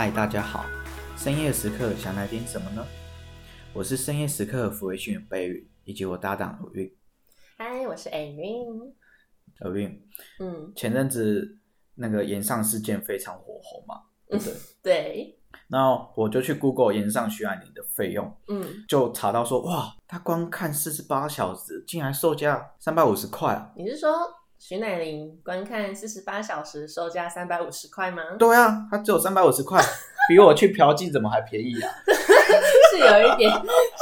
嗨，大家好。深夜時刻想來點什麼呢？我是深夜時刻撫慰心靈的 Barry，以及我搭檔 Erin。嗨，我是 Erin。Erin，嗯，前陣子那個延上事件非常火紅嘛，嗯，對。然後我就去 Google 延上徐海您的費用，嗯，就查到說，哇，他光看四十八小時，竟然售價三百五十塊。你是說？徐乃麟，觀看四十八小時售價三百五十塊嗎？對啊，他只有三百五十塊，比我去嫖妓怎麼還便宜啊？ 是有一點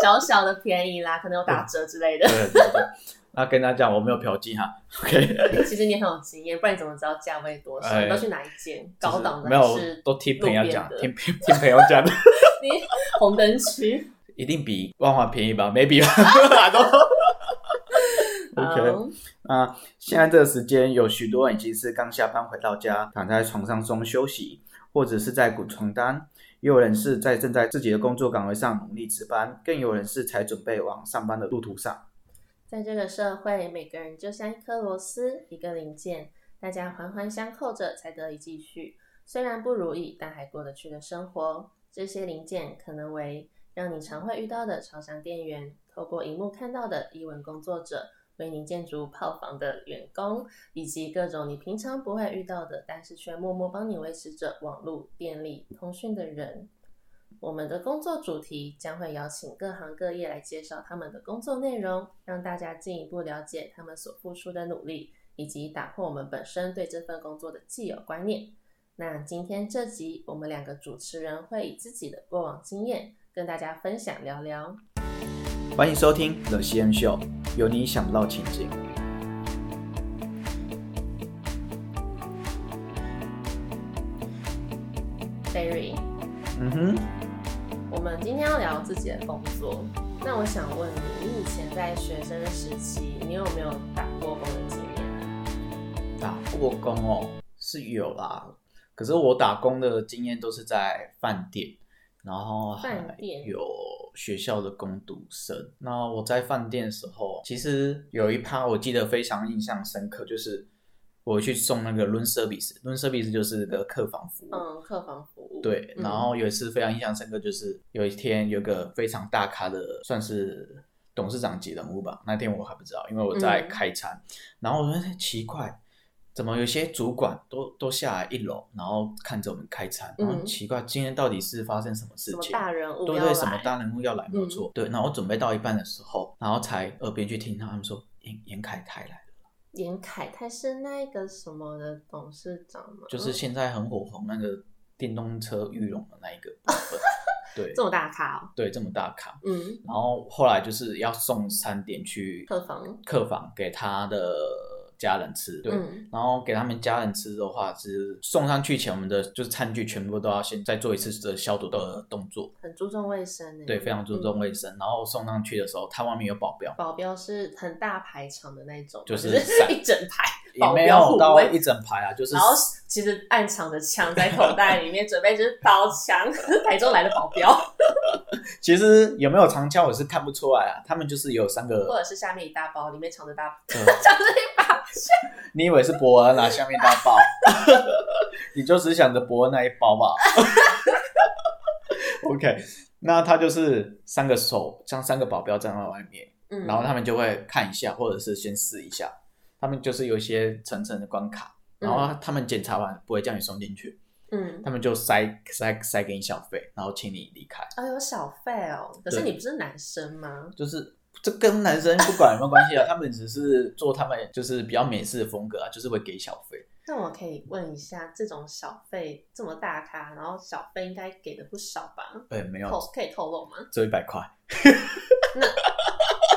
小小的便宜啦，可能有打折之類的。嗯、對對對 那跟他講，我沒有嫖妓哈，OK。其實你很有經驗，不然你怎麼知道價位多少？哎、都去哪一間、哎、高檔的、的？沒有，都聽朋友講的。聽朋友講的。 你紅燈區 一定比萬華便宜吧？沒比 啊，都。 OK，那、oh. 啊、現在這個時間，有許多人已經是剛下班回到家，躺在床上中休息，或者是在滾床單，也有人是在正在自己的工作崗位上努力值班，更有人是才準備往上班的路途上。在這個社會，每個人就像一顆螺絲，一個零件，大家環環相扣着才得以繼續。雖然不如意，但還過得去的生活。這些零件可能為讓你常會遇到的超商店員，透過熒幕看到的藝文工作者。為你建築炮房的員工，以及各種你平常不會遇到的，但是卻默默幫你維持着網絡、電力、通訊的人。我們的工作主題將會邀請各行各業來介紹他們的工作內容，讓大家進一步了解他們所付出的努力，以及打破我們本身對這份工作的既有觀念。那今天這集，我們兩個主持人會以自己的過往經驗跟大家分享聊聊。歡迎收聽 The cm Show。有你想不到情景。Barry，嗯哼，我們今天要聊自己的工作。那我想問你，你以前在學生時期，你有沒有打過工的經驗？打過工哦，是有啦，可是我打工的經驗都是在飯店。然後還有學校的工讀生。那我在飯店的時候，其實有一趴我記得非常印象深刻，就是我去送那個 room service，room service 就是那個客房服務。嗯，客房服務。對、嗯。然後有一次非常印象深刻，就是有一天有一個非常大咖的，算是董事長級人物吧。那天我還不知道，因為我在開餐。嗯、然後我覺得很奇怪。怎麼有些主管都都下來一樓，然後看着我們開餐，很、嗯、奇怪，今天到底是發生什麼事情？大人物要來。對，什麼大人物要來合作？對、嗯、對，然後準備到一半的時候，然後才耳邊去聽他們說，嚴嚴凱泰來了。嚴凱泰是那個什麼的董事長嗎？就是現在很火紅那個電動車裕隆的那一個部分、嗯。對， 這麼大咖哦。對，這麼大咖嗯。然後後來就是要送餐點去客房，客房給他的。家人吃對、嗯，然後給他們家人吃的話是送上去前，我們的就是餐具全部都要先再做一次的消毒的動作，很注重衛生、欸、對，非常注重衛生、嗯。然後送上去的時候，他外面有保鏢，保鏢是很大排場的那種，就是一整排保鏢到位一整排啊。就是，然後其實暗藏的槍在口袋裡面， 準備就是刀槍。 台中來的保鏢， 其實有沒有長槍我是看不出來啊。他們就是有三個，或者是下面一大包裡面藏着大包，藏着一。 你以為是伯恩拿下面大包， 你就只想着伯恩那一包吧。 OK，那他就是三個手，將三個保鏢站在外面、嗯，然後他們就會看一下，或者是先試一下。他們就是有一些層層的關卡、嗯，然後他們檢查完不會叫你送進去、嗯，他們就塞塞塞給你小費，然後請你離開、哦。有小費哦，可是你不是男生嗎？就是。這跟男生不管有沒有關係啊？ 他們只是做他們就是比較美式的風格啊，就是會給小費。那我可以問一下，這種小費這麼大咖，然後小費應該給的不少吧？哎、欸，沒有，可以透露嗎？只有一百塊。 那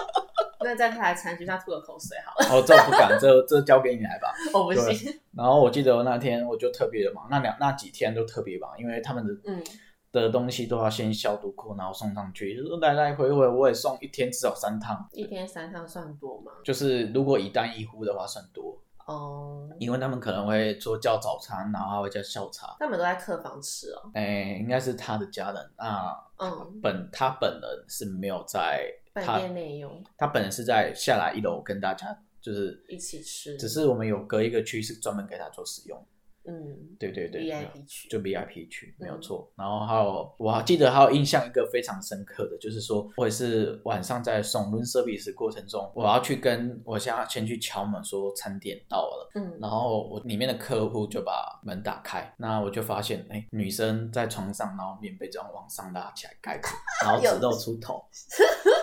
那在他餐具上吐了口水好了。 哦，這不敢，這這交給你來吧。 我不信。然後我記得我那天我就特別忙，那兩那幾天都特別忙，因為他們的嗯。的東西都要先消毒過，然後送上去。就是來來回回，我也送一天至少三趟。一天三趟算多嗎？就是如果一單一戶的話算多。哦、嗯。因為他們可能會做叫早餐，然後還會叫下午茶。他們都在客房吃哦。哎、欸，應該是他的家人啊。嗯。本他本人是沒有在飯店內用他。他本人是在下來一樓跟大家就是一起吃。只是我們有隔一個區是專門給他做使用。嗯，對對對，VIP 區就 VIP 區沒有錯、嗯。然後還有，我還記得還有印象一個非常深刻的，就是說我也是晚上在送 room service、嗯、過程中，我要去跟我想要先去敲門說餐點到了。嗯，然後我裡面的客戶就把門打開，那我就發現哎，女生在床上，然後棉被這樣往上拉起來蓋住，然後只露出頭。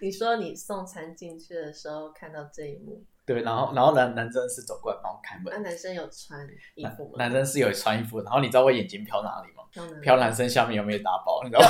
有 你說你送餐進去的時候看到這一幕。對，然後，然後男男生，是走過來幫我開門。那男生有穿衣服嗎？男生是有穿衣服，然後你知道我眼睛瞟哪裡嗎？瞟男生下面有沒有打包，你知道嗎？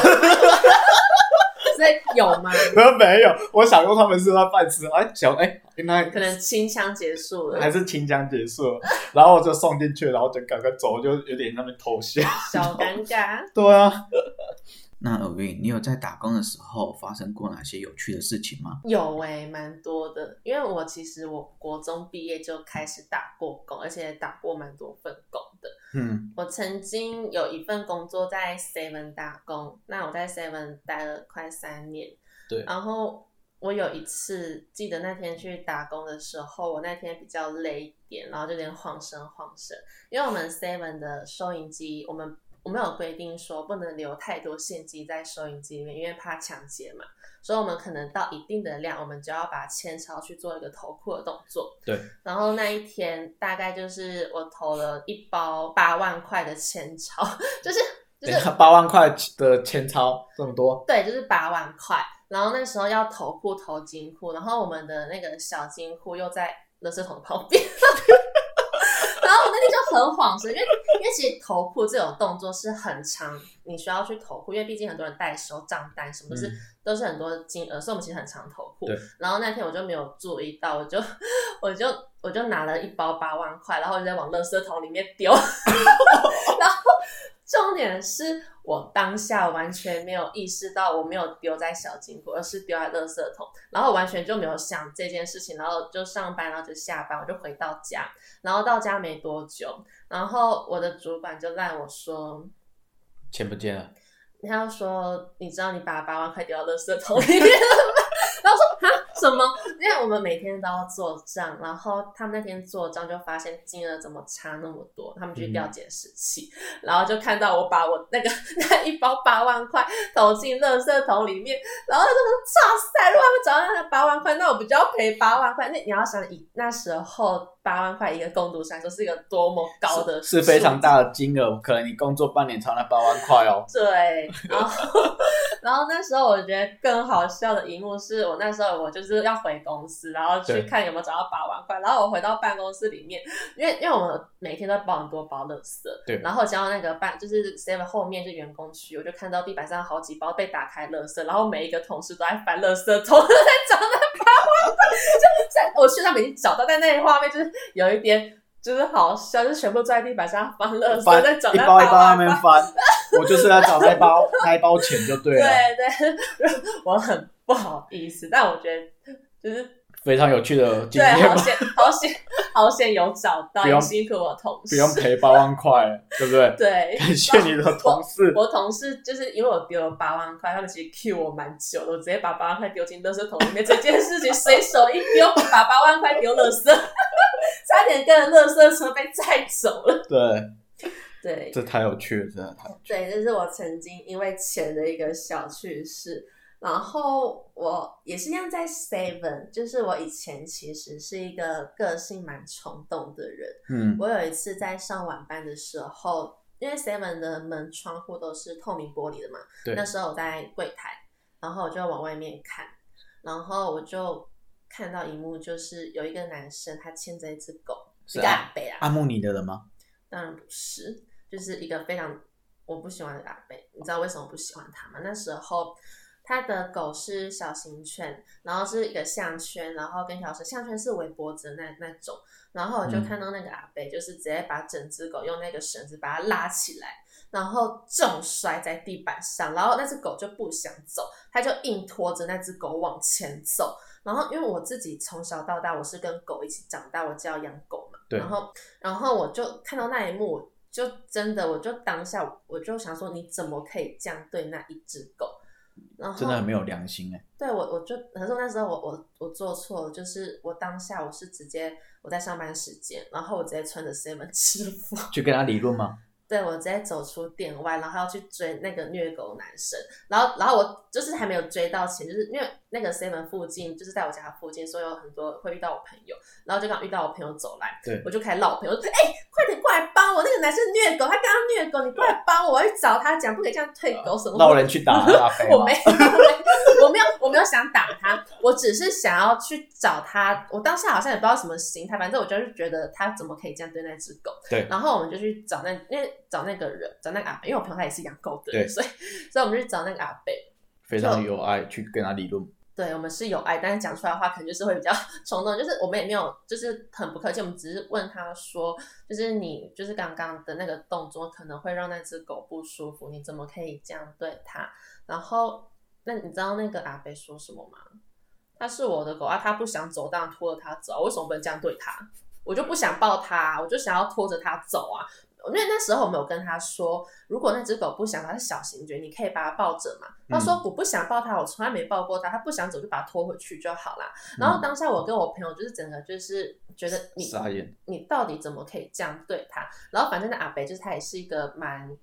所 以 有嗎？沒有，我想說他們是那辦事。哎，小，哎跟他，可能清槍結束了，還是清槍結束了？ 然後我就送進去，然後就趕快走，就有點那麼偷笑，小尷尬。對啊。 那 Erin，你有在打工的時候發生過哪些有趣的事情嗎？有哎、欸，蠻多的。因為我其實我國中畢業就開始打過工，而且打過蠻多份工的。嗯，我曾經有一份工作在 Seven 打工。那我在 Seven 待了快三年。對。然後我有一次記得那天去打工的時候，我那天比較累一點，然後就有點晃神晃神。因為我們 Seven 的收銀機，我們我們有規定說不能留太多現金在收銀機裡面，因為怕搶劫嘛。所以我們可能到一定的量，我們就要把千鈔去做一個投庫的動作。對。然後那一天大概就是我投了一包八萬塊的千鈔，就是就是、欸、八萬塊的千鈔這麼多。對，就是八萬塊。然後那時候要投庫投金庫，然後我們的那個小金庫又在垃圾桶旁邊。 那你就很恍神，因為因為其實投庫這種動作是很長，你需要去投庫，因為畢竟很多人代收帳單，什麼是、嗯、都是很多金額，所以我們其實很常投庫，然後那天我就沒有注意到，我就我就我就拿了一包八萬塊，然後我就在往垃圾桶裡面丟， 然後。重點是我當下完全沒有意識到，我沒有丟在小金庫，而是丟在垃圾桶，然後完全就沒有想這件事情，然後就上班，然後就下班，我就回到家，然後到家沒多久，然後我的主管就賴我說，錢不見了，他就說，你知道你把八萬塊丟到垃圾桶裡面了嗎？ 什麼？因為我們每天都要做賬，然後他們那天做賬就發現金額怎麼差那麼多，他們去調監視器、嗯，然後就看到我把我那個那一包八萬塊投進垃圾桶裡面，然後他說：“哇塞，塞，如果他們找到那八萬塊，那我不就要賠八萬塊。”那你要想，以那時候八萬塊一個工讀生說，是一個多麼高的是，是非常大的金額，可能你工作半年才拿八萬塊哦。對。然後 然後那時候我覺得更好笑的一幕是我那時候，我就是要回公司，然後去看有沒有找到八萬塊。然後我回到辦公室裡面，因為因為我們每天都在包很多包垃圾，對。然後加到那個辦，就是 seven 後面是員工區，我就看到地板上好幾包被打開垃圾，然後每一個同事都在翻垃圾，都在找那八萬塊，就是在我身上沒找到。在那個畫面就是有一邊。就是好像就全部在地板上翻了，翻在一包一包在那邊翻 就在找那一包，我就是來找那包，那一包錢就對了。對，對對，我很不好意思，但我覺得就是。非常有趣的，對，好險，好險，好險有找到，有 辛苦我同事，不用賠八萬塊，對不對？ 對，感謝你的同事。我，我同事就是因為我丟了八萬塊，他們其實 cue 我蠻久的，我直接把八萬塊丟進垃圾桶裡面， 這件事情隨手一丟， 把八萬塊丟垃圾， 差點跟着垃圾車被載走了。對，對，這太有趣了，真的太對，這是我曾經因為錢的一個小趣事。然後我也是那樣，在 Seven，就是我以前其實是一個個性蠻衝動的人。嗯。我有一次在上晚班的時候，因為 Seven 的門窗戶都是透明玻璃的嘛，對。那時候我在櫃檯，然後我就往外面看，然後我就看到一幕，就是有一個男生他牽着一隻狗，是、啊、個阿伯啊。阿慕你的人嗎？當然不是，就是一個非常我不喜歡的阿伯。你知道為什麼我不喜歡他嗎？那時候。他的狗是小型犬，然後是一個項圈，然後跟小型項圈是圍脖子的那那種。然後我就看到那個阿伯、嗯、就是直接把整隻狗用那個繩子把它拉起來，然後重摔在地板上，然後那隻狗就不想走，他就硬拖着那隻狗往前走。然後因為我自己從小到大我是跟狗一起長大，我就要養狗嘛。對。然後然後我就看到那一幕，就真的我就當下我就想說，你怎麼可以這樣對那一隻狗？真的很沒有良心哎！對，我，我就可是那時候我我我做錯了，就是我當下我是直接我在上班時間，然後我直接穿着 CM 制服去跟他理論嗎？對我直接走出店外，然後還要去追那個虐狗男生，然後然後我就是還沒有追到，其實就是因為。那個西門附近就是在我家附近，所以有很多人會遇到我朋友，然後就剛好遇到我朋友走來，對我就開始鬧我朋友，哎、欸，快點過來幫我！那個男生虐狗，他剛剛虐狗，你過來幫我，我要去找他講，不可以這樣退狗什麼。老人去打他。 我沒有，我沒有，我沒有想打他， 我只是想要去找他。我當下好像也不知道什麼心態，反正我就是覺得他怎麼可以這樣對那只狗？對。然後我們就去找那，那找那個人，找那個阿伯，因為我朋友他也是養狗的人，對，所以所以我們就找那個阿伯，非常有愛，去跟他理論。對，我們是有愛，但是講出來的話可能就是會比較衝動。就是我們也沒有，就是很不客氣，我們只是問他說，就是你就是剛剛的那個動作可能會讓那隻狗不舒服，你怎麼可以這樣對他？然後，那你知道那個阿北說什麼嗎？他是我的狗啊，他不想走，當然拖着他走，為什麼不能這樣對他？我就不想抱他啊，我就想要拖着他走啊。因為那時候我們有跟他說，如果那隻狗不想走，它是小型犬，你，你可以把它抱着嘛。他說：“我不想抱它，我從來沒抱過它，它不想走就把它拖回去就好啦。”然後當下我跟我朋友就是整個就是覺得你傻眼，你到底怎麼可以這樣對他？然後反正那阿北就是他也是一個蠻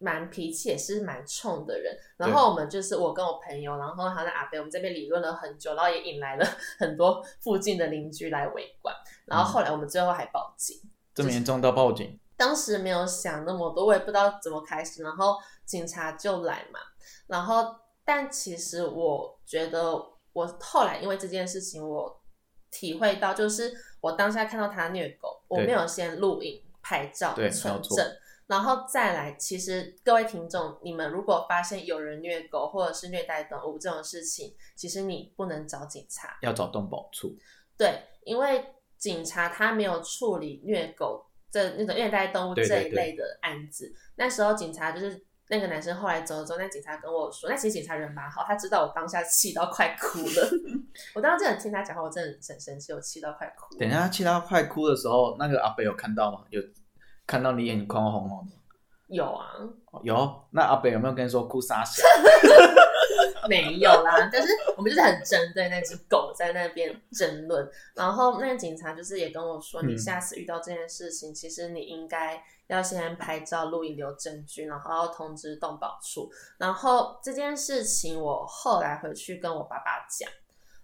蠻脾氣也是蠻衝的人。然後我們就是我跟我朋友，然後他的阿北，我們這邊理論了很久，然後也引來了很多附近的鄰居來圍觀。然後後來我們最後還報警，嗯就是、這麼嚴重到報警。當時沒有想那麼多，我也不知道怎麼開始，然後警察就來嘛。然後，但其實我覺得，我後來因為這件事情，我體會到，就是我當下看到他虐狗，我沒有先錄影、拍照、對、存證，然後再來。其實各位聽眾，你們如果發現有人虐狗或者是虐待動物這種事情，其實你不能找警察，要找動保處。對，因為警察他沒有處理虐狗。這那種虐待動物這一類的案子對對對，那時候警察就是那個男生後來走了之後，那警察跟我說，那其實警察人蠻好，他知道我當下氣到快哭了。 我當時真的聽他講話，我真的很生氣，我氣到快哭。等一下，他氣到快哭的時候，那個阿北有看到嗎？有看到你眼眶紅紅的？有啊，有。那阿北有沒有跟你說哭三小？ 沒有啦，但是我們就是很針對那隻狗在那邊爭論，然後那警察就是也跟我說，你下次遇到這件事情，其實你應該要先拍照、錄影、留證據，然後要通知動保處。然後這件事情我後來回去跟我爸爸講，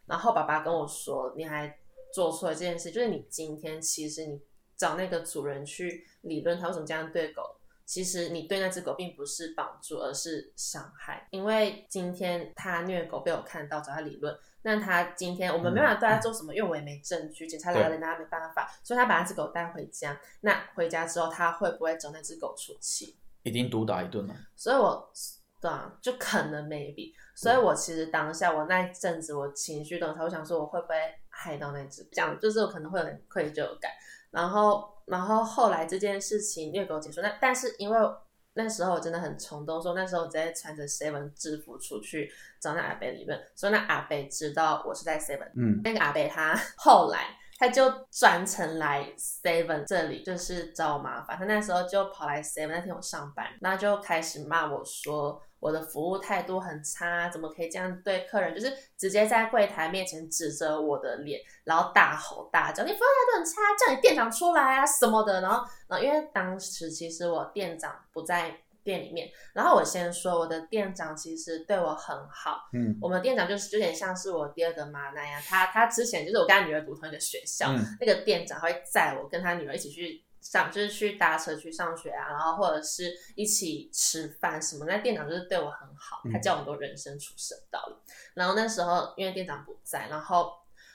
然後爸爸跟我說，你還做錯了這件事，就是你今天其實你找那個主人去理論，他為什麼這樣對狗。其實你對那隻狗並不是幫助，而是傷害。因為今天他虐狗被我看到，找他理論。那他今天我們沒有辦法對他做什麼、嗯，因為我也沒證據，警察來了拿他沒辦法。所以他把那隻狗帶回家。那回家之後，他會不會找那隻狗出氣？一定毒打一頓嘛。所以我對啊，就可能 maybe。所以，我其實當下我那一陣子我情緒的時候，我想說我會不會害到那隻，這樣就是我可能會有點愧疚感，然後。然後後來這件事情又給我結束，那但是因為那時候我真的很衝動，說那時候我直接穿着 seven 制服出去找那阿北理論，所以那阿北知道我是在 seven，嗯，那個阿北他後來他就專程來 seven 這裡就是找我麻煩，他那時候就跑來 seven 那天我上班，那就開始罵我說。我的服務態度很差，怎麼可以這樣對客人？就是直接在櫃檯面前指着我的臉，然後大吼大叫，你服務態度很差，叫你店長出來啊什麼的。然後，然後因為當時其實我店長不在店裡面。然後我先說，我的店長其實對我很好。嗯，我們店長就是有點像是我第二個媽那樣，啊，他他之前就是我跟他女兒讀同一個學校，嗯，那個店長會載我跟他女兒一起去。想就是去搭車去上學啊，然後或者是一起吃飯什麼。那店長就是對我很好，他教我很多人生處世的道理，嗯。然後那時候因為店長不在，然後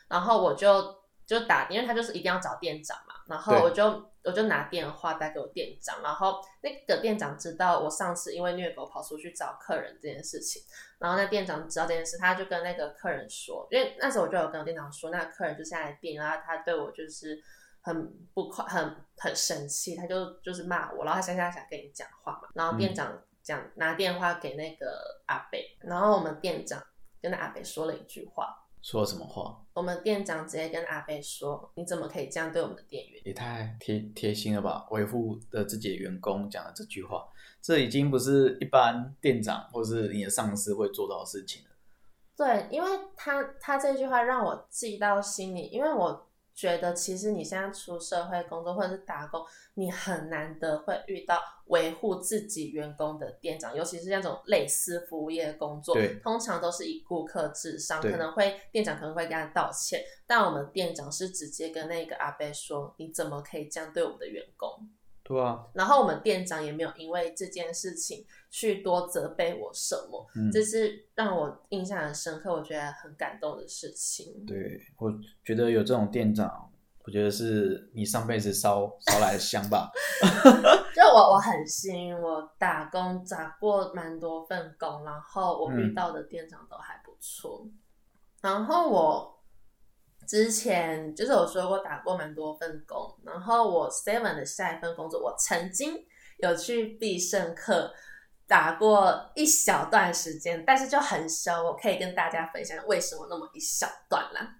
然後我就就打，因為他就是一定要找店長嘛。然後我就我就拿電話打給我店長，然後那個店長知道我上次因為虐狗跑出去找客人這件事情，然後那店長知道這件事，他就跟那個客人說，因為那時候我就有跟店長說，那個客人就現在病，然後他對我就是。很不快，很很生氣，他就就是罵我，然後他想想想跟你講話嘛，然後店長講、嗯、拿電話給那個阿北，然後我們店長跟阿北說了一句話，說什麼話？我們店長直接跟阿北說，你怎麼可以這樣對我們的店員？也太貼貼心了吧，維護的自己的員工講了這句話，這已經不是一般店長或是你的上司會做到的事情了。對，因為他他這句話讓我記到心裡，因為我。覺得其實你現在出社會工作或者是打工，你很難得會遇到維護自己員工的店長，尤其是那種類似服務業工作，通常都是以顧客至上，可能會店長可能會跟他道歉，但我們店長是直接跟那個阿伯說，你怎麼可以這樣對我們的員工？對啊，然後我們店長也沒有因為這件事情。去多責備我什麼、嗯，這是讓我印象很深刻，我覺得很感動的事情。對，我覺得有這種店長，我覺得是你上輩子燒燒來的香吧。 就我我很幸運，我打工打過蠻多份工，然後我遇到的店長都還不錯。嗯、然後我之前就是我說過打過蠻多份工，然後我 seven 的下一份工作，我曾經有去必勝客。打過一小段時間，但是就很熟。我可以跟大家分享為什麼那麼一小段啦、啊。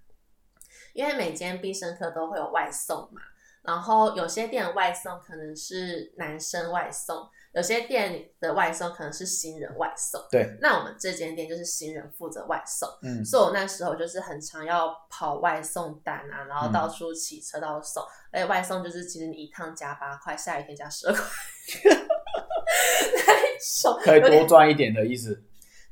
因為每間必勝客都會有外送嘛，然後有些店外送可能是男生外送，有些店的外送可能是新人外送。對。那我們這間店就是新人負責外送，嗯，所以我那時候就是很常要跑外送單啊，然後到處騎車到處送。而、嗯、且外送就是，其實你一趟加八塊，下雨天加十二塊。 可以多賺一點的意思，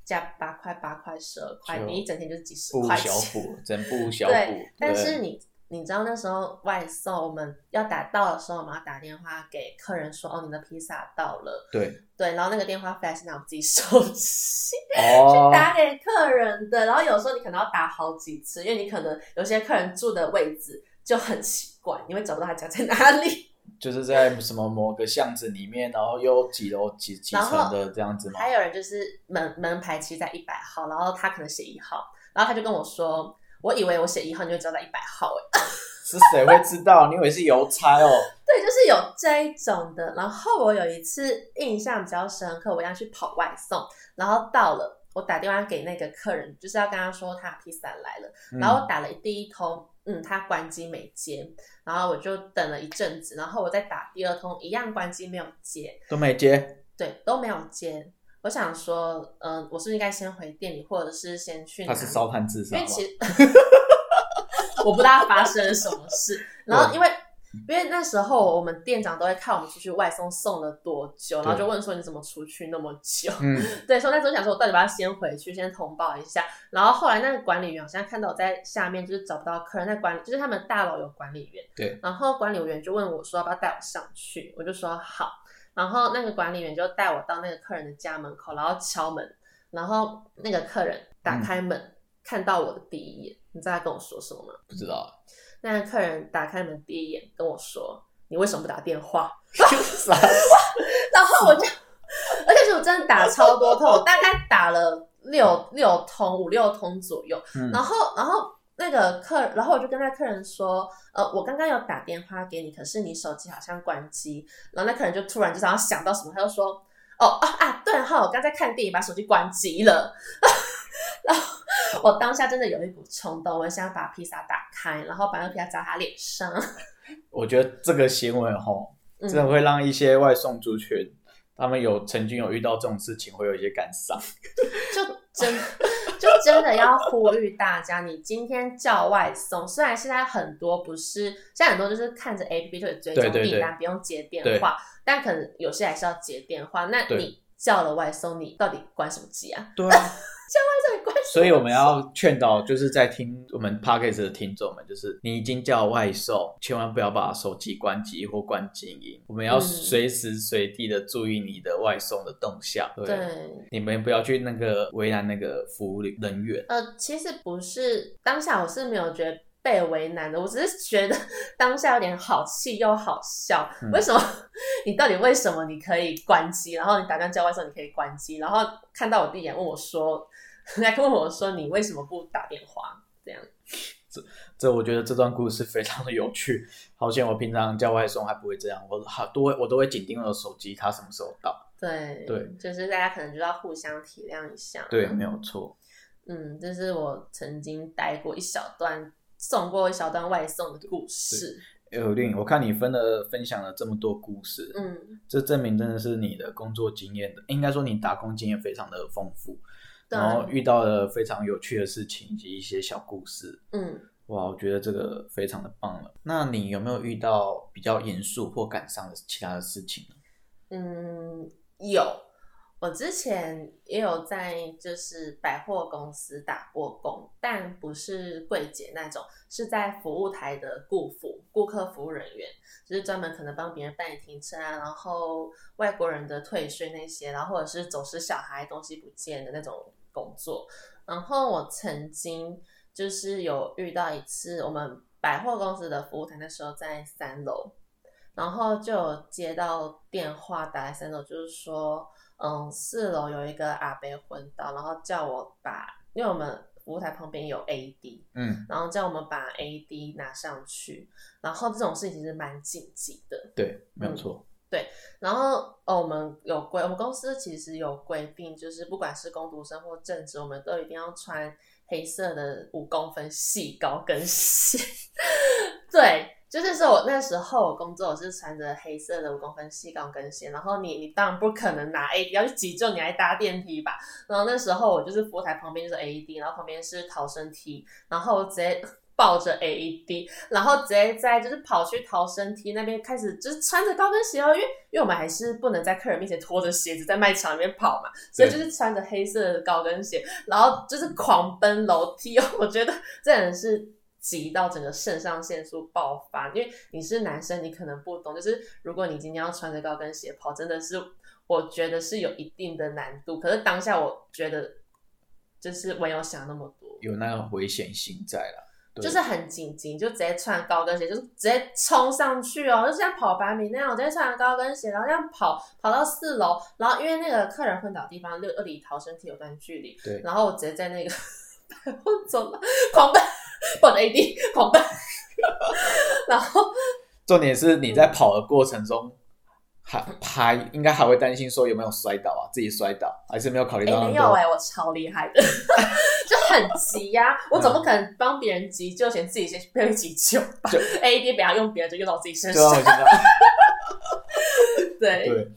加八塊、八塊、十二塊，你一整天就幾十塊錢小補，真不小，小對，對，但是你你知道那時候外送，我們要打到的時候，我們要打電話給客人說哦，你的披薩到了。對對，然後那個電話費是拿自己手機、哦、 去打給客人的，然後有時候你可能要打好幾次，因為你可能有些客人住的位置就很奇怪，你會找不到他家在哪裡。就是在什麼某個巷子裡面，然後有幾樓幾幾層的這樣子嗎？還有人就是門門牌其實在一百號，然後他可能寫一號，然後他就跟我說：“我以為我寫一號，就號、欸，你就知道在一百號哎。”是誰會知道？ 你以為是郵差哦、喔？ 對，就是有這一種的。然後我有一次印象比較深刻，我要去跑外送，然後到了。我打電話給那個客人，就是要跟他說他披薩來了。然後我打了一第一通，嗯，嗯，他關機沒接。然後我就等了一陣子，然後我再打第二通，一樣關機沒有接。都沒接。對，都沒有接。我想說，嗯、呃，我是不是應該先回店裡，或者是先去？他是燒碳自殺吧？因為其實 我不知道發生什麼事。然後因為。因為那時候我們店長都會看我們出去，去外送送了多久，然後就問說，你怎麼出去那麼久？嗯、對，所以那時候想說我到底要不要先回去先通報一下。然後後來那個管理員好像看到我在下面就是找不到客人，在管理，就是他們大樓有管理員，對。然後管理員就問我說要不要帶我上去？我就說好。然後那個管理員就帶我到那個客人的家門口，然後敲門，然後那個客人打開門，嗯、看到我的第一眼，你知道他跟我說什麼嗎？不知道。那客人打開門，第一眼跟我說：“你為什麼不打電話？” 然後我就， 而且是我真的打超多通， 我大概打了六六通，五六通左右，嗯。然後，然後那個客，然後我就跟他客人說：“呃，我剛剛有打電話給你，可是你手機好像關機。”然後那客人就突然就想要想到什麼，他就說：“哦啊啊，對，然後，我剛才看電影，把手機關機了。 ” 我當下真的有一股衝動，我想把披薩打開，然後把那披薩砸他臉上。我覺得這個行為齁，真的會讓一些外送族群，嗯、他們有曾經有遇到這種事情，會有一些感傷。 就真就真的要呼籲大家，你今天叫外送，雖然現在很多不是現在很多就是看着 APP 就可以追蹤訂單，不用接電話，對對對，但可能有些還是要接電話。那你叫了外送，你到底關什麼機啊？對。 叫外送關，所以我們要勸導，就是在聽我們 Podcast 的聽眾們，就是你已經叫外送，千萬不要把手機關機或關靜音。我們要隨時隨地的注意你的外送的動向對。對，你們不要去那個為難那個服務人員。呃，其實不是，當下我是沒有覺得被為難的，我只是覺得當下有點好氣又好笑，嗯。為什麼？你到底為什麼？你可以關機，然後你打電話叫外送，你可以關機，然後看到我第一眼問我說。人家 問我說，你為什麼不打電話？這樣，這這我覺得這段故事非常的有趣，好像我平常叫外送還不會這樣，我好多我都會緊盯我的手機，它什麼時候到？對對，就是大家可能就要互相體諒一下。對，沒有錯。嗯，這是我曾經待過一小段，送過一小段外送的故事。Erin，我看你分了分享了這麼多故事，嗯，這證明真的是你的工作經驗的，應該說你打工經驗非常的豐富。然後遇到了非常有趣的事情以及一些小故事。嗯，哇，我覺得這個非常的棒了。那你有沒有遇到比較嚴肅或感傷的其他的事情呢？嗯，有。我之前也有在就是百貨公司打過工，但不是櫃姐那種，是在服務台的顧服，顧客服務人員，就是專門可能幫別人辦理停車啊，然後外國人的退稅那些，然後或者是走失小孩，東西不見的那種。工作，然後我曾經就是有遇到一次，我們百貨公司的服務台那時候在三樓，然後就接到電話打來三樓，就是說，嗯，四樓有一個阿伯昏倒，然後叫我把，因為我們服務台旁邊有 A D，嗯，然後叫我們把 A D 拿上去，然後這種事情是蠻緊急的，對，沒有錯。嗯對，然後哦，我們有規，我們公司其實有規定，就是不管是工讀生或正職，我們都一定要穿黑色的五公分細高跟鞋。 對，就是說，我那時候我工作我是穿着黑色的五公分細高跟鞋，然後你你當然不可能拿 AED 要去急救，你來搭電梯吧？然後那時候我就是服務台旁邊就是 AED，然後旁邊是逃生梯，然後直接。抱着 AED，然後直接在就是跑去逃生梯那邊開始，就是穿着高跟鞋哦，因為因為我們還是不能在客人面前脫着鞋子在賣場裡面跑嘛，所以就是穿着黑色的高跟鞋，然後就是狂奔樓梯哦。我覺得這人是急到整個腎上腺素爆發，因為你是男生，你可能不懂，就是如果你今天要穿着高跟鞋跑，真的是我覺得是有一定的難度。可是當下我覺得就是沒有想那麼多，有那種危險性在了。就是很緊緊，就直接穿高跟鞋，就是直接衝上去哦，就像跑百米那樣，我直接穿高跟鞋，然後這樣跑，跑到四樓，然後因為那個客人昏倒的地方六二里逃生梯有段距離，對，然後我直接在那個，我走了， 狂奔，斷，我 AD 狂奔，然後，重點是你在跑的過程中還還應該還會擔心說有沒有摔倒啊，自己摔倒還是沒有考慮到，欸、沒有哎，欸，我超厲害的。 就很急呀，啊，我怎麼可能幫別人急就嫌自己先去被急救？ 就 A D 不要用別人就用到自己身上 對、啊 對。對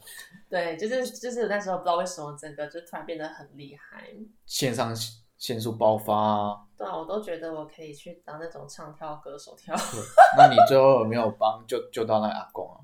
對，就是就是那時候不知道為什麼整個就突然變得很厲害，腎上腺素爆發。對啊，我都覺得我可以去當那種唱跳歌手跳。 那你最後有沒有幫救救到那個阿公啊？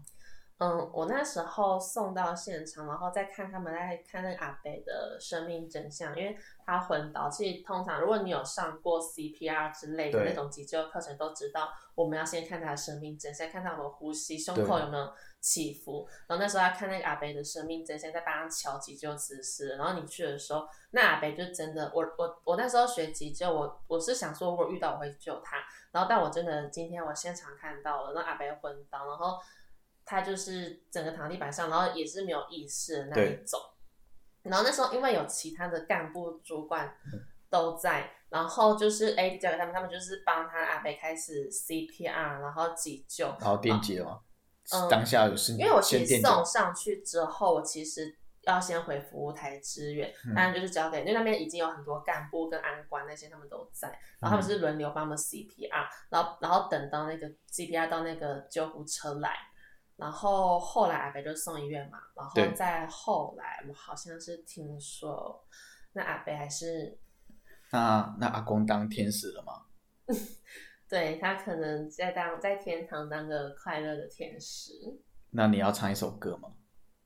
嗯，我那時候送到現場，然後再看他們在看那個阿北的生命真相，因為他昏倒。其實通常如果你有上過 CPR 之類的那種急救課程，都知道我們要先看他的生命真相，看他有沒有呼吸，胸口有沒有起伏。然後那時候要看那個阿北的生命真相，再幫他瞧急救知識。然後你去的時候，那阿北就真的，我我我那時候學急救，我我是想說如果遇到我會救他。然後但我真的今天我現場看到了，那阿北昏倒，然後。他就是整個躺地板上，然後也是沒有意識的那一種。然後那時候因為有其他的幹部主管都在，嗯、然後就是 A D 交給他們，他們就是幫他阿北開始 C P R，然後急救，然後電擊嘛、啊嗯。當下有是、嗯，因為我先送上去之後，我其實要先回服務台支援。當、嗯、然就是交給，因為那邊已經有很多幹部跟安官那些他們都在，然後他們是輪流幫他們 C P R，、嗯、然後然後等到那個 C P R 到那個救護車來。然後後來阿伯就送醫院嘛，然後再後來我好像是聽說，那阿伯還是，那那阿公當天使了嗎？ 對，他可能在當在天堂當個快樂的天使。那你要唱一首歌嗎？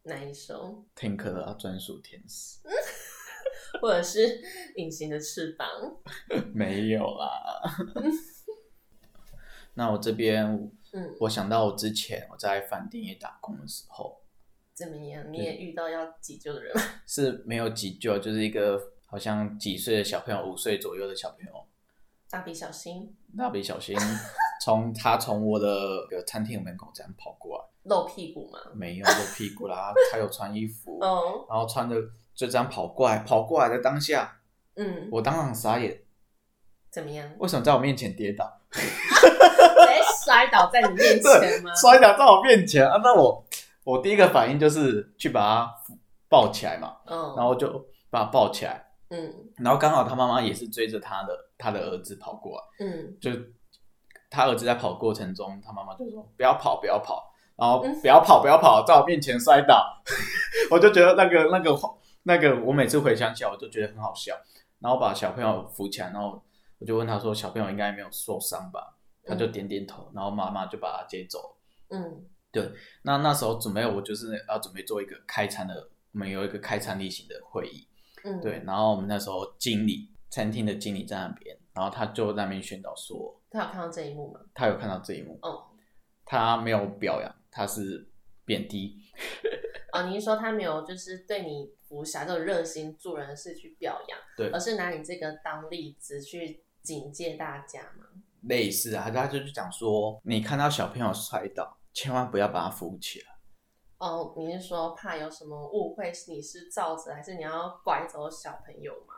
哪一首？聽 Tank 的專屬天使， 或者是隱形的翅膀？ 沒有啦。 那我這邊。嗯、我想到我之前我在飯店也打工的時候。怎麼樣？你也遇到要急救的人嗎？是沒有急救，就是一個好像幾歲的小朋友，五、嗯、歲左右的小朋友，蠟筆小新。蠟筆小新從 他從我的餐廳門口這樣跑過來，露屁股嗎？沒有露屁股啦， 他有穿衣服。哦、然後穿着就這樣跑過來，跑過來的當下，嗯，我當場傻眼。怎麼樣？為什麼在我面前跌倒？ 摔倒在你面前嗎？ 摔倒在我面前啊！那我我第一個反應就是去把他抱起來嘛，嗯、oh.，然後就把他抱起來，嗯，然後剛好他媽媽也是追着他的他的兒子跑過來，嗯，就他兒子在跑的過程中，他媽媽就說：“不要跑，不要跑，然後不要跑，不要跑，在我面前摔倒。 ”我就覺得那個那個那個，那個、我每次回想起來，我就覺得很好笑。然後把小朋友扶起來，然後我就問他說：“小朋友應該沒有受傷吧？”嗯、他就點點頭，然後媽媽就把他接走。嗯，對。那那時候準備我就是要準備做一個開餐的，我們有一個開餐例行的會議。嗯，對。然後我們那時候經理，餐廳的經理在那邊，然後他就在那邊宣導說。他有看到這一幕嗎？他有看到這一幕。哦、嗯，他沒有表揚，他是貶低。 哦您說他沒有就是對你服俠這種熱心助人的事去表揚，對，而是拿你這個當例子去警戒大家嗎？類似啊，他就是講說，你看到小朋友摔倒，千萬不要把他扶起來。哦，你是說怕有什麼誤會，是你是罩子，還是你要拐走小朋友嗎？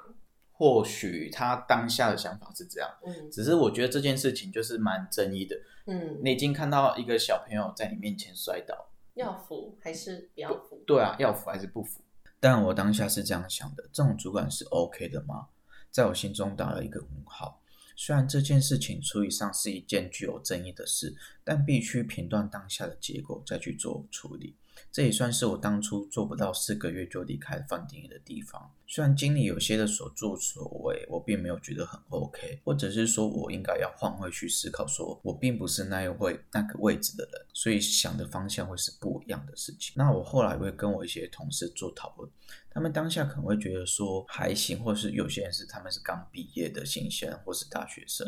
或許他當下的想法是這樣，嗯，只是我覺得這件事情就是蠻爭議的，嗯，你已經看到一個小朋友在你面前摔倒，嗯、要扶還是不要扶、嗯？對啊，要扶還是不扶、嗯？但我當下是這樣想的，這種主管是 OK 的嗎？在我心中打了一個問號。雖然這件事情處理上是一件具有爭議的事，但必須評斷當下的結果，再去做處理。這也算是我當初做不到四個月就離開飯店的地方。雖然經理有些的所作所為，我並沒有覺得很 OK，或者是說我應該要換位，去思考，說我並不是那一會那個位置的人，所以想的方向會是不一樣的事情。那我後來會跟我一些同事做討論，他們當下可能會覺得說還行，或是有些人是他們是剛畢業的新鮮人或是大學生，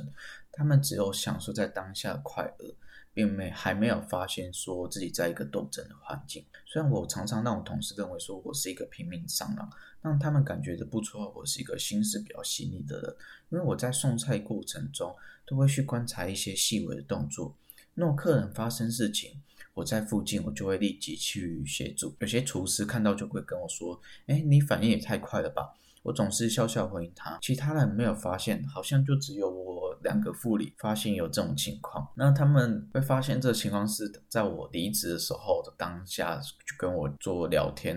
他們只有享受在當下的快樂。並沒還沒有發現說自己在一個鬥爭的環境。雖然我常常讓我同事認為說我是一個拼命三郎，讓他們感覺的不出我是一個心思比較細膩的人。因為我在送菜過程中都會去觀察一些細微的動作。若客人發生事情，我在附近我就會立即去協助。有些廚師看到就會跟我說：“哎、欸，你反應也太快了吧。”我總是笑笑回應他，其他人沒有發現，好像就只有我兩個副理發現有這種情況。那他們會發現這個情況是在我離職的時候的當下，就跟我做聊天，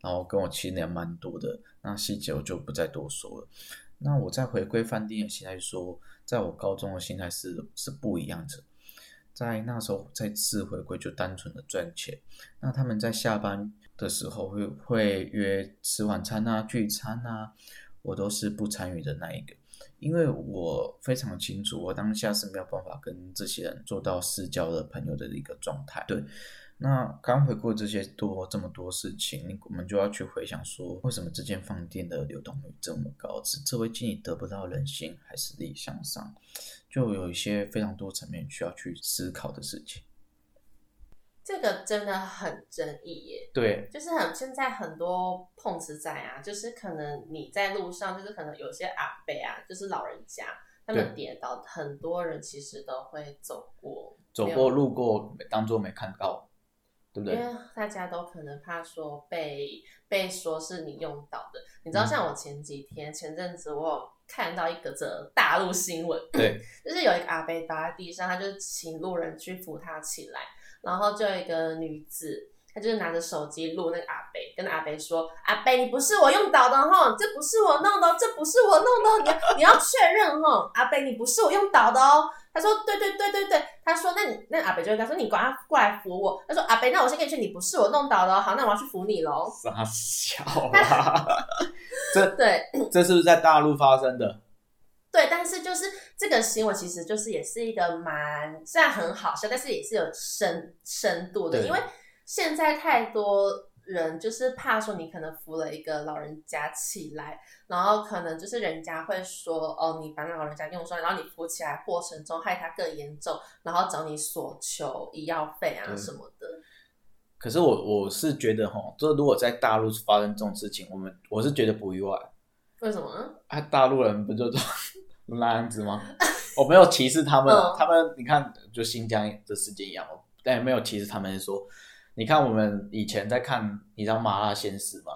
然後跟我牽連蠻多的。那細節我就不再多說了。那我在回歸飯店的心態，說在我高中的心態是是不一樣的。在那時候再次回歸，就單純的賺錢。那他們在下班，的時候會會約吃晚餐啊、聚餐啊，我都是不參與的那一個，因為我非常清楚，我當下是沒有辦法跟這些人做到私交的朋友的一個狀態。對，那剛回顧這些多這麼多事情，我們就要去回想說，為什麼這間飯店的流動率這麼高？是這位經理得不到人心，還是理想上？就有一些非常多層面需要去思考的事情。這個真的很爭議耶。對，就是很現在很多碰瓷仔啊，就是可能你在路上，就是可能有些阿伯啊，就是老人家，他們跌倒，很多人其實都會走過，走過路過，當做沒看到，對不對？因為大家都可能怕說被被說是你用到的，你知道，像我前幾天、嗯、前陣子我有看到一個這大陸新聞，對， 就是有一個阿伯倒在地上，他就請路人去扶他起來。然後就有一個女子，她就是拿着手機錄那個阿北，跟阿北說：“阿北，你不是我用倒的哈，這不是我弄的，這不是我弄的，你你要確認哈，阿北，你不是我用倒的哦。”他說：“對對對對對。他”他說：“那你那阿北就會跟他說你趕快過來扶我。”他說：“阿北，那我先跟你說，你不是我弄倒的哦，好，那我要去扶你嘍。”傻笑啦， 這對，這是不是在大陸發生的？對，但是就是這個新聞，其實就是也是一個蠻雖然很好笑，但是也是有深深度的。因為現在太多人就是怕說你可能扶了一個老人家起來，然後可能就是人家會說哦，你把老人家弄摔，然後你扶起來過程中害他更嚴重，然後找你索求醫藥費啊什麼的。可是我我是覺得吼，就是如果在大陸發生這種事情，我們我是覺得不意外。為什麼？啊，大陸人不就做？ 那樣子嗎？ 我沒有歧視他們，嗯、他們你看，就新疆這世界一樣，但也沒有歧視他們。說，你看我們以前在看，一張《麻辣鮮師》嘛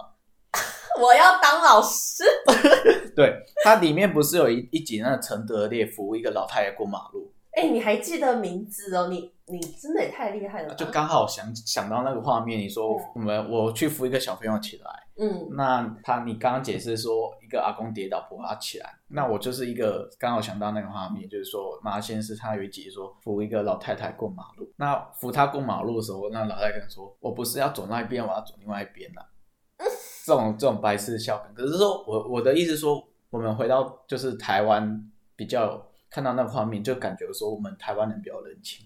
我要當老師。 對，它裡面不是有一一集那個承德烈扶一個老太太過馬路？哎、欸，你還記得名字哦？你。你真的也太厲害了吧！就剛好想想到那個畫面，你說我們我去扶一個小朋友起來，嗯，那他你剛剛解釋說、嗯、一個阿公跌倒扶他起來，那我就是一個剛好想到那個畫面，就是說馬先生他有一集說扶一個老太太過馬路，那扶他過馬路的時候，那老太太跟我說，我不是要走那邊，我要走另外一邊啦、啊嗯。這種這種白痴笑梗，可是說我我的意思說，我們回到就是台灣比較看到那個畫面，就感覺說我們台灣人比較熱情。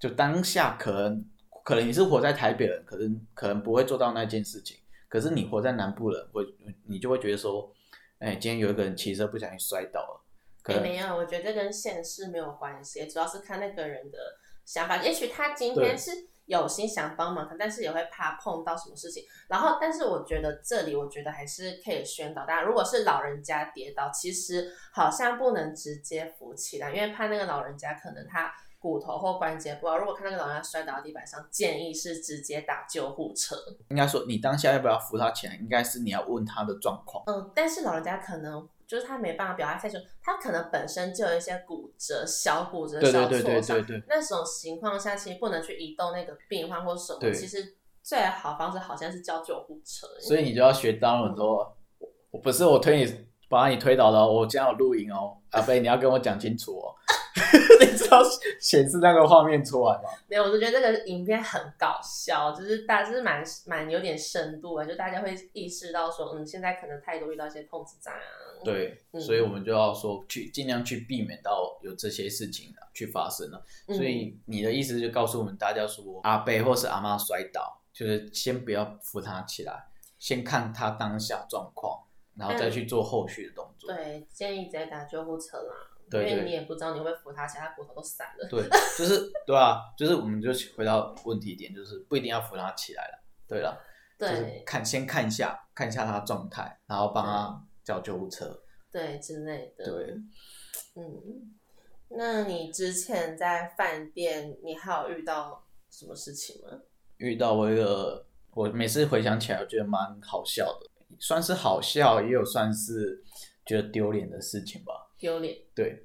就當下可能，可能你是活在台北人，可能可能不會做到那件事情。可是你活在南部人會，會你就會覺得說，哎、欸，今天有一個人騎車不小心摔倒了。也、欸、沒有，我覺得跟現實沒有關係，主要是看那個人的想法。也許他今天是有心想幫忙，但是也會怕碰到什麼事情。然後，但是我覺得這裡，我覺得還是可以宣導大家，但如果是老人家跌倒，其實好像不能直接扶起來，因為怕那個老人家可能他。骨頭或關節不好，如果看那個老人家摔倒地板上，建議是直接打救護車。應該說，你當下要不要扶他起來，應該是你要問他的狀況。嗯，但是老人家可能就是他沒辦法表達清楚，他可能本身就有一些骨折、小骨折、小挫傷。對對，對，對，對，對，對那種情況下，其實不能去移動那個病患或什麼。對。其實最好方式好像是叫救護車。所以你就要學到很多。我不是我推你把你推倒了，我今天有錄音哦。阿飛，你要跟我講清楚哦。 你知道顯示那個畫面出來嗎？沒有，我就覺得這個影片很搞笑，就是大家是，就是蠻蠻有點深度啊、欸，就大家會意識到說，嗯，現在可能太多遇到一些碰瓷仔啊。對、嗯，所以我們就要說去盡量去避免到有這些事情、啊、去發生了、啊嗯。所以你的意思就告訴我們大家說，嗯、阿伯或是阿媽摔倒，就是先不要扶他起來，先看他當下狀況，然後再去做後續的動作。嗯、對，建議直接打救護車啦。對對對，因為你也不知道你會扶他其他骨頭都散了。對，就是對啊，就是我們就回到問題點，就是不一定要扶他起來了。對了，對，就是、看先看一下，看一下他的狀態，然後幫他叫救護車、嗯，對之類的。對，嗯，那你之前在飯店，你還有遇到什麼事情嗎？遇到我一個，我每次回想起來，我覺得蠻好笑的，算是好笑，也有算是覺得丟臉的事情吧。丟臉，對，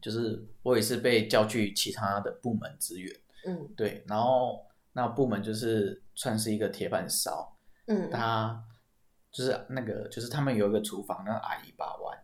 就是我也是被叫去其他的部門支援，嗯，對，然後那部門就是算是一個鐵板燒，嗯，他就是那個就是他們有一個廚房，那個、阿姨把碗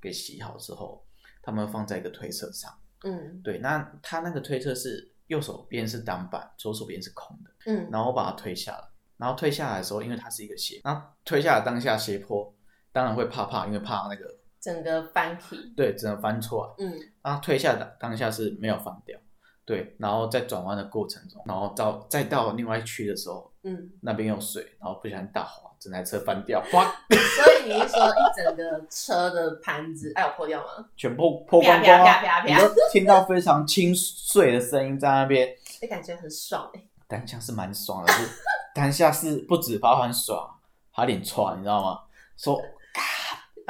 給洗好之後，他們放在一個推車上，嗯，對，那他那個推車是右手邊是擋板，左手邊是空的，嗯，然後我把它推下來，然後推下來的時候，因為它是一個斜，那推下來當下斜坡，當然會怕怕，因為怕那個。整個翻起，對，整個翻錯啊，嗯，啊，退下的當下是沒有翻掉，對，然後在轉彎的過程中，然後到再到另外一區的時候，嗯，那邊有水，然後不小心打滑，整台車翻掉，啪！所以你是說一整個車的盤子，哎， 有破掉嗎？全部破，破光光啪啪啪，皮啊皮啊皮啊皮啊 聽到非常清脆的聲音在那邊，這、欸、感覺很爽哎、欸！當下是蠻爽的，當 下是不止爬很爽，還有點喘，你知道嗎？說、so,。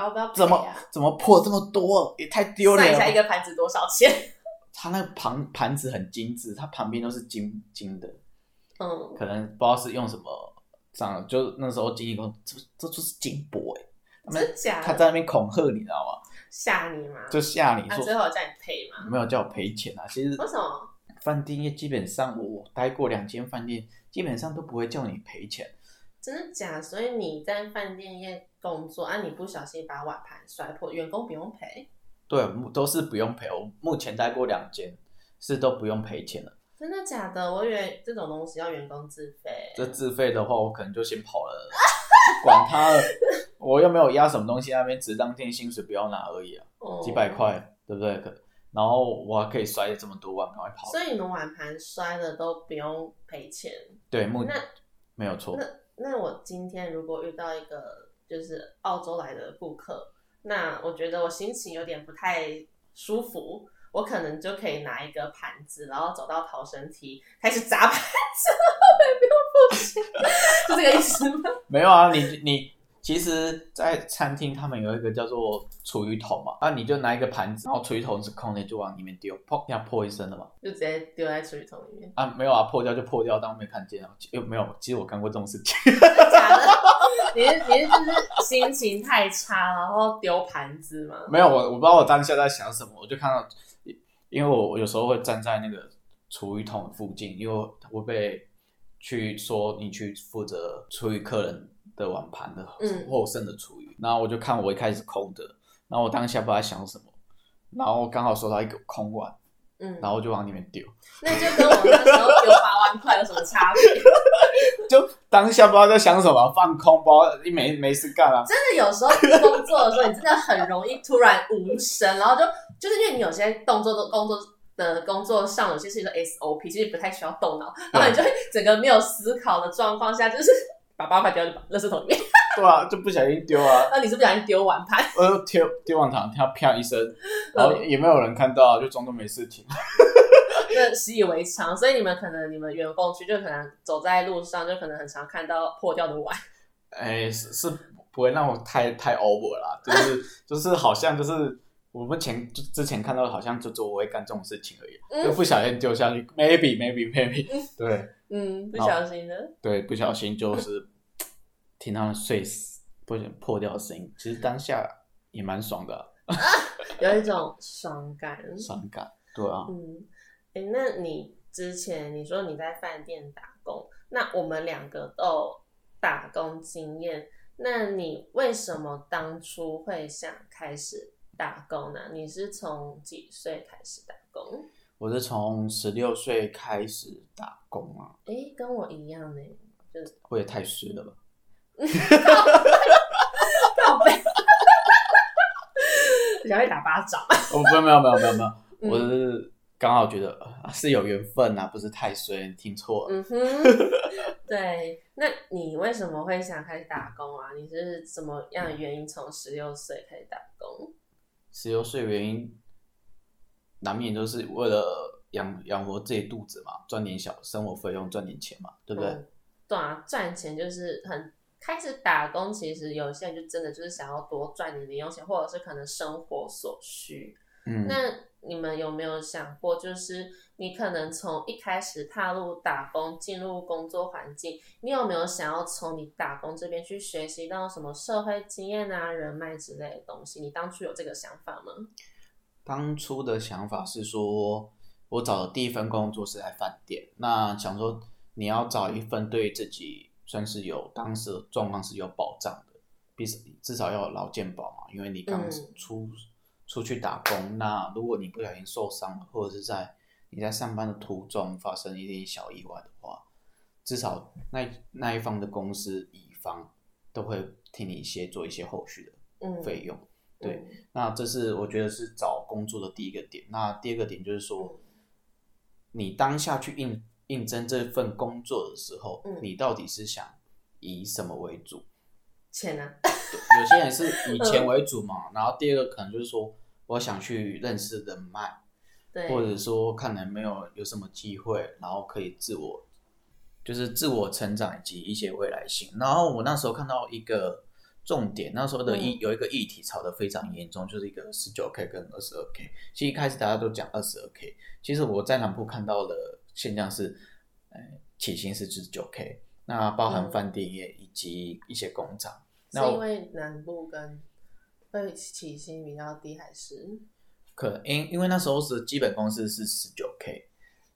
要要啊、怎麼怎麼破這麼多、啊、也太丟臉了！算一下一個盤子多少錢？他那個盤盤子很精緻，他旁邊都是金金的，嗯，可能不知道是用什麼，就那時候經濟工，這這就是金箔哎、欸，真假的？他在那邊恐嚇你知道嗎？嚇你嗎？就嚇你說，他、啊、最後叫你賠嗎？沒有叫我賠錢啊？其實為什麼飯店業基本上我我待過兩間飯店，基本上都不會叫你賠錢，真的假的？所以你在飯店業。工作，啊，你不小心把碗盤摔破，員工不用賠。對，都是不用賠。我目前待過兩間，是都不用賠錢的。真的假的？我以為這種東西要員工自費。這自費的話，我可能就先跑了， 管他了。我又沒有壓什麼東西那邊，那邊只當天薪水不要拿而已啊，oh. 幾百塊，對不對？可，然後我還可以摔這麼多碗盤，快跑。所以你們碗盤摔了都不用賠錢？對，目前沒有錯。那那我今天如果遇到一個。就是澳洲來的顧客，那我覺得我心情有點不太舒服，我可能就可以拿一個盤子，然後走到逃生梯開始砸盤子，被丟過去，是這個意思嗎？沒有啊，你 你。其實，在餐廳他們有一個叫做廚餘桶嘛，那、啊、你就拿一個盤子，然後廚餘桶是空的，就往裡面丟，破掉破一聲了嘛，就直接丟在廚餘桶裡面啊？沒有啊，破掉就破掉，當我沒看見啊，又沒有。其實我幹過這種事情，是假的？你是你是就是心情太差然後丟盤子嗎？沒有，我我不知道我當下在想什麼，我就看到，因為我有時候會站在那個廚餘桶附近，因為我會被去說你去負責廚餘客人。的碗盤、的後剩的廚餘、嗯，然後我就看我一開始空的，然後我當下不知道在想什麼，然後我剛好收到一個空碗，嗯，然後就往裡面丟。那就跟我那時候丟八萬塊有什麼差別？ 就當下不知道在想什麼，放空，包，你沒沒事幹了、啊。真的有時候工作的時候，你真的很容易突然無神。 然後就就是因為你有些動作的、工作的工作上有些是一個 SOP，就是不太需要動腦，然後你就會整個沒有思考的狀況下就是。把碗掉，就把垃圾桶裡面， 對啊，就不小心丟啊。 那你是不小心丟碗盤呃，丟丟碗盤，聽“啪”一聲，然後也沒有人看到，就裝作沒事情。 那習以為常，所以你們可能你們員工區就可能走在路上就可能很常看到破掉的碗。哎、欸，是是不會讓我太太 over 啦，就是 就是好像就是我們前就之前看到好像就只我會幹這種事情而已，嗯、就不小心丟下去，maybe maybe maybe，、嗯、對，嗯，不小心的，對，不小心就是。 聽到他們睡死或者破掉的聲音，其實當下也蠻爽的， 有一種爽感。爽感，對啊。嗯，哎、欸，那你之前你說你在飯店打工，那我們兩個都有打工經驗，那你為什麼當初會想開始打工呢？你是從幾歲開始打工？我是從十六歲開始打工啊。哎、欸，跟我一樣呢，就是，我也太虛了吧？哈哈哈，寶貝，我還會打巴掌。 Oh, no, no, no, no, no. mm -hmm. 我沒有沒有沒有沒有，我是剛好覺得 是有緣分吶、啊，不是太衰，聽錯了。Mm -hmm. 對。那你為什麼會想開始打工啊？你是，是什麼樣的原因從十六歲開始打工？十六歲原因難免都是為了養養活自己肚子嘛，賺點小生活費用，賺點錢嘛，對不對？嗯、 對啊，賺錢就是很。開始打工，其實有些人就真的就是想要多賺點零用錢，或者是可能生活所需。嗯，那你們有沒有想過，就是你可能從一開始踏入打工，進入工作環境，你有沒有想要從你打工這邊去學習到什麼社會經驗啊、人脈之類的東西？你當初有這個想法嗎？當初的想法是說，我找的第一份工作是在飯店，那想說你要找一份對自己。算是有當時的狀況是有保障的，必至少要有勞健保嘛，因為你剛出、嗯、出去打工，那如果你不小心受傷，或者是在你在上班的途中發生一點小意外的話，至少那那一方的公司一方都會替你先做一些後續的費用、嗯。對，那這是我覺得是找工作的第一個點。那第二個點就是說，你當下去應。嗯應徵這份工作的時候、嗯，你到底是想以什麼為主？錢呢、啊 ？有些人是以錢為主嘛。然後第二個可能就是說，我想去認識人脈、嗯，或者說看來沒有有什麼機會，然後可以自我就是自我成長以及一些未來性。然後我那時候看到一個重點，那時候的一、嗯、有一個議題吵得非常嚴重，就是一個十九 K 跟二十二 K。其實一開始大家都講二十二 K，其實我在南部看到了。現象是，誒、嗯，起薪是十九 k，那包含飯店業以及一些工廠、嗯。是因為南部跟會起薪比較低還是？可能因因為那時候是基本工資是十九 k，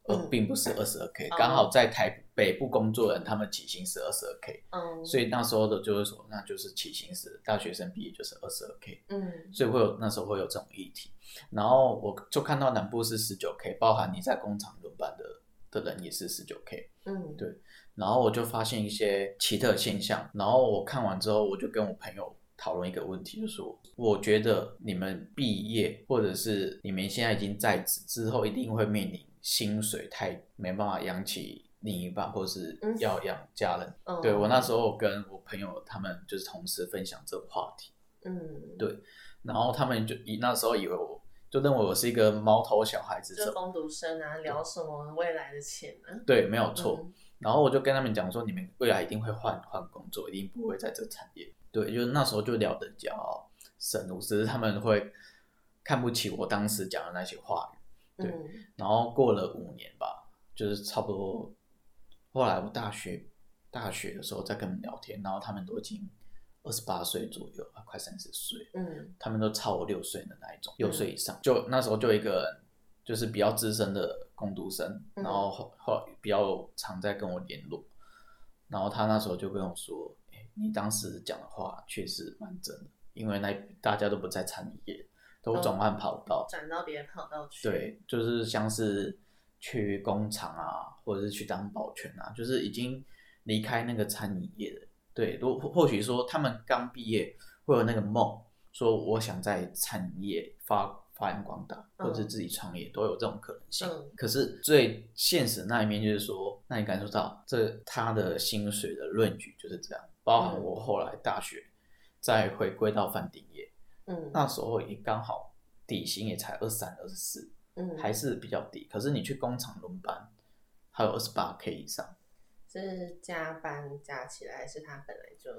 而並不是二十二 k。剛好在台北部工作人，嗯、他們起薪是二十二 k。嗯。所以那時候的就是說，那就是起薪是大學生畢業就是二十二 k。嗯。所以會有那時候會有這種議題。然後我就看到南部是十九 k，包含你在工廠輪班的。的人也是十九 k，嗯，對。然後我就發現一些奇特現象。然後我看完之後，我就跟我朋友討論一個問題，就說我覺得你們畢業，或者是你們現在已經在職之後，一定會面臨薪水太沒辦法養起另一半，或是要養家人。嗯，對，我那時候跟我朋友他們就是同時分享這個話題，嗯，對。然後他們就以那時候以為我。就認為我是一個毛頭小孩子，就工讀生啊，聊什麼未來的錢啊？對，沒有錯、嗯。然後我就跟他們講說，你們未來一定會換換工作，一定不會在這產業。對，就是那時候就聊的比較深入，只是他們會看不起我當時講的那些話。對、嗯，然後過了五年吧，就是差不多。後來我大學大學的時候再跟他們聊天，然後他們都已經二十八歲左右啊，快三十歲，嗯，他們都超我六歲的那一種，六歲以上，嗯、就那時候就一個，就是比較資深的工讀生，然後後後、嗯、比較常在跟我聯絡，然後他那時候就跟我說，哎、欸，你當時講的話確實蠻真的、嗯，因為那大家都不在餐飲業，都轉換跑道，轉、哦、到別人跑道去，對，就是像是去工廠啊，或者是去當保全啊，就是已經離開那個餐飲業了對，或或許說他們剛畢業會有那個夢，說我想在產業發發揚光大，或是自己創業都有這種可能性。嗯、可是最現實的那一面就是說，那你感受到這他的薪水的論據就是這樣。包含我後來大學、嗯、再回歸到飯店業，嗯，那時候也剛好底薪也才二十三、二十四，24, 嗯，還是比較低。可是你去工廠輪班，還有二十八 K 以上。就是加班加起來，是他本來就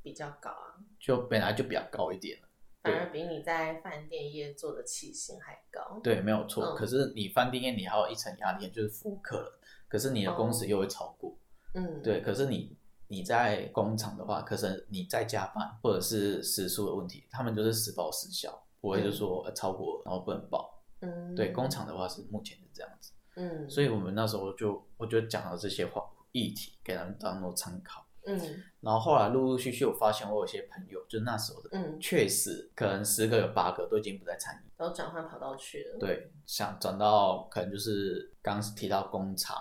比較高啊，就本來就比較高一點，對，反而比你在飯店業做的起薪還高。對，沒有錯、哦。可是你飯店業你還有一層壓力，就是複刻了、嗯，可是你的工時又會超過、哦。嗯，對。可是你你在工廠的話，可是你在加班或者是時數的問題，他們就是實報實銷，不會就說超過、嗯、然後不能報。嗯，對。工廠的話是目前是這樣子。嗯，所以我們那時候就我就講了這些話議題給他們當做參考，嗯，然後後來陸陸續續，我發現我有些朋友，就那時候的，嗯，確實可能十個有八個都已經不在餐飲，然後轉換跑道去了，對，想轉到可能就是剛提到工廠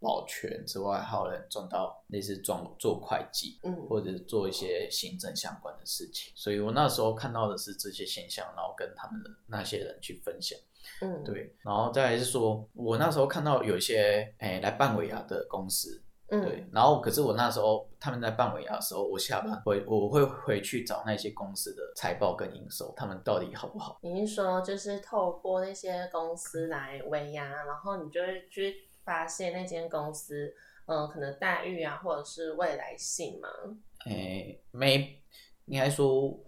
保全之外，還有人轉到類似轉做會計，嗯，或者做一些行政相關的事情。所以我那時候看到的是這些現象，然後跟他們的那些人去分享，嗯，對，然後再來是說我那時候看到有些誒、欸、來辦尾牙的公司。嗯、對，然後可是我那時候他們在辦尾牙的時候，我下班回我會回去找那些公司的財報跟營收，他們到底好不好？你說就是透過那些公司來尾牙，然後你就會去發現那間公司，嗯、呃，可能待遇啊，或者是未來性嗎？哎，沒，應該說，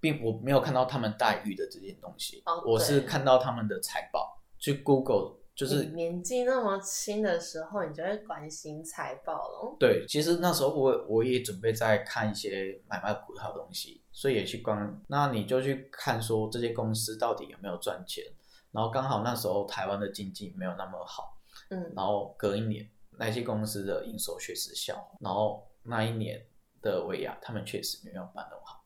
並我沒有看到他們待遇的這件東西。哦，我是看到他們的財報，去 Google。就是年紀那麼輕的時候，你就會關心財報了。對，其實那時候我我也準備在看一些買賣股票的東西，所以也去關。那你就去看說這些公司到底有沒有賺錢？然後剛好那時候台灣的經濟沒有那麼好，嗯，然後隔一年那些公司的營收確實小，然後那一年的尾牙他們確實沒有辦得好。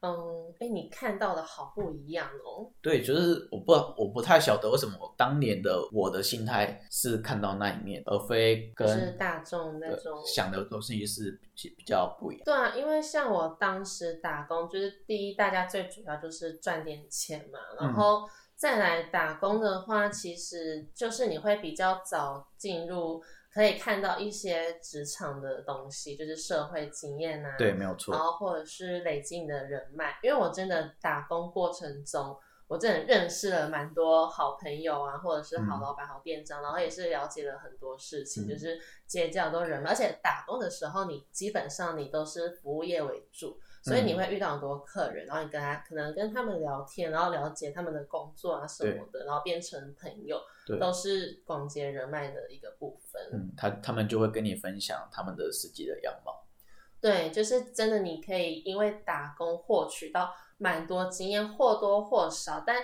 嗯，被你看到的好不一樣哦。對，就是我不我不太曉得為什麼當年的我的心態是看到那一面，而非跟、就是、大眾那種、呃、想的都是也是比，比較不一樣。對啊，因為像我當時打工，就是第一大家最主要就是賺點錢嘛，然後再來打工的話，嗯、其實就是你會比較早進入。可以看到一些職場的東西，就是社會經驗啊，對，沒有錯。然後或者是累積你的人脈，因為我真的打工過程中，我真的認識了蠻多好朋友啊，或者是好老闆、好店長、嗯，然後也是了解了很多事情，嗯、就是結交多人。而且打工的時候，你基本上你都是服務業為主，所以你會遇到很多客人，嗯、然後你跟他可能跟他們聊天，然後了解他們的工作啊什麼的，然後變成朋友。都是廣結人脈的一個部分。嗯，他他們就會跟你分享他們的實際的樣貌。對，就是真的，你可以因為打工獲取到蠻多經驗，或多或少，但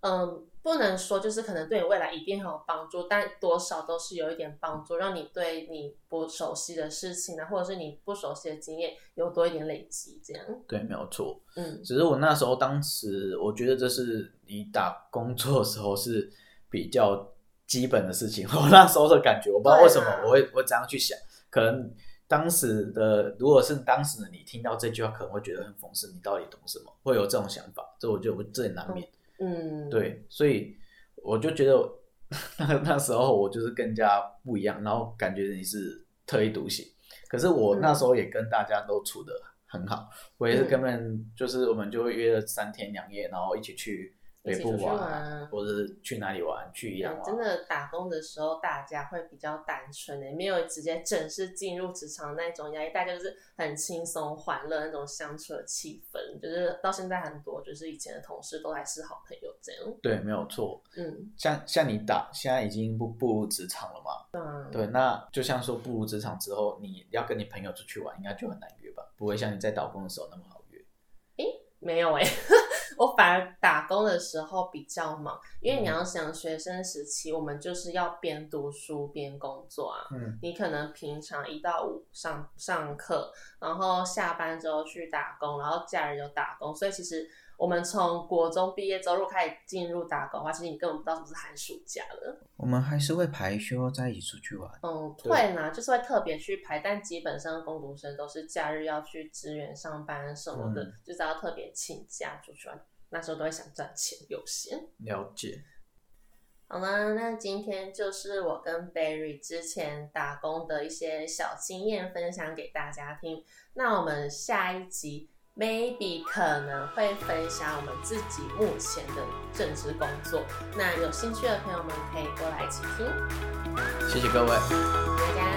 嗯，不能說就是可能對你未來一定很有幫助，但多少都是有一點幫助，嗯，讓你對你不熟悉的事情啊，或者是你不熟悉的經驗有多一點累積，這樣。對，沒有錯。嗯，只是我那時候當時，我覺得這是你打工作的時候是。比較基本的事情，我那時候的感覺，我不知道為什麼我會 我這樣去想，可能當時的如果是當時的你聽到這句話，可能會覺得很諷刺，你到底懂什麼？會有這種想法，這我就這也難免。嗯，對，所以我就覺得那那時候我就是更加不一樣，然後感覺你是特立獨行。可是我那時候也跟大家都處得很好、嗯，我也是根本就是我們就會約了三天兩夜，然後一起去。一起出去玩，或者是去哪裡玩，去一樣玩。真的打工的時候，大家會比較單純的，沒有直接正式進入職場那種壓力，大家就是很輕鬆歡樂那種相處的氣氛。就是到現在很多，就是以前的同事都還是好朋友這樣。對，沒有錯。嗯，像像你打現在已經不步入職場了嘛？嗯。對，那就像說步入職場之後，你要跟你朋友出去玩，應該就很難約吧？不會像你在打工的時候那麼好約。誒、欸，沒有誒、欸。 我反而打工的時候比較忙，因為你要想學生時期，我們就是要邊讀書邊工作啊。嗯。你可能平常一到五上上課，然後下班之後去打工，然後假日又打工，所以其實。我們從國中畢業之後開始進入打工的話，其實你根本不知道什麼是寒暑假了。我們還是會排休在一起出去玩。嗯，會嘛，就是會特別去排，但基本上工讀生都是假日要去支援上班什麼的，嗯、就只、是、要特別請假出去玩。那時候都會想賺錢優先。了解。好了，那今天就是我跟 Barry 之前打工的一些小經驗分享給大家聽。那我們下一集。Maybe 可能會分享我們自己目前的正職工作，那有興趣的朋友們可以過來一起聽。謝謝各位。大家